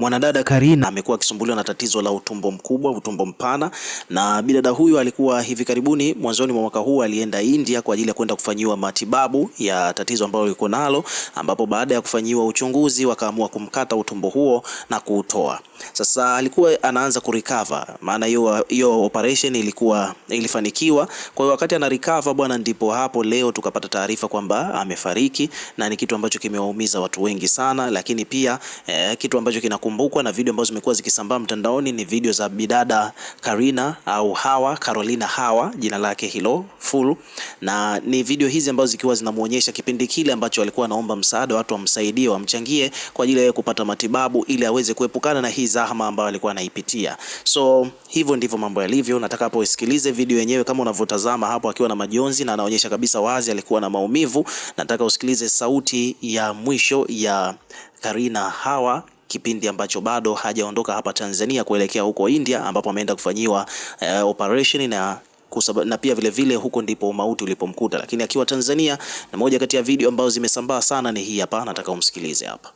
Mwanadada Karina amekuwa akisumbuliwa na tatizo la utumbo mkubwa, utumbo mpana, na bidada huyu alikuwa hivi karibuni, mwanzoni mwa mwaka huu, alienda India kwa ajili ya kwenda kufanyiwa matibabu ya tatizo ambalo liko nalo, ambapo baada ya kufanyiwa uchunguzi wakaamua kumkata utumbo huo na kuutoa. Sasa alikuwa anaanza kurecover, maana hiyo hiyo operation ilikuwa ilifanikiwa. Kwa hiyo wakati ana recover bwana, ndipo hapo leo tukapata taarifa kwamba amefariki, na ni kitu ambacho kimewaumiza watu wengi sana, lakini pia eh, kitu ambacho kina kukumbukwa na video ambazo zimekuwa zikisambaa mtandaoni ni video za bidada Karina au Hawa Carolina Hawa, jina lake hilo full, na ni video hizi ambazo zikiwa zinamuonyesha kipindi kile ambacho alikuwa anaomba msaada, watu wamsaidie, wamchangie kwa ajili ya kupata matibabu ili aweze kuepukana na hii zahama ambayo alikuwa anaipitia. So hivyo ndivyo mambo yalivyo. Nataka hapo usikilize video yenyewe kama unavyotazama hapo, akiwa na majonzi na anaonyesha kabisa wazi alikuwa na maumivu. Nataka usikilize sauti ya mwisho ya Karina Hawa kipindi ambacho bado hajaondoka hapa Tanzania kuelekea huko India ambapo ameenda kufanyiwa uh, operation na Kusaba, na pia vilevile vile huko ndipo mauti ulipomkuta, lakini akiwa Tanzania. Na moja kati ya video ambazo zimesambaa sana ni hii hapa, nataka umsikilize hapa.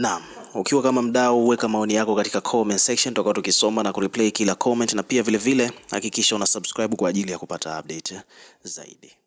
Naam, ukiwa kama mdau, weka maoni yako katika comment section, tutakuwa tukisoma na kureplay kila comment, na pia vilevile hakikisha una subscribe kwa ajili ya kupata update zaidi.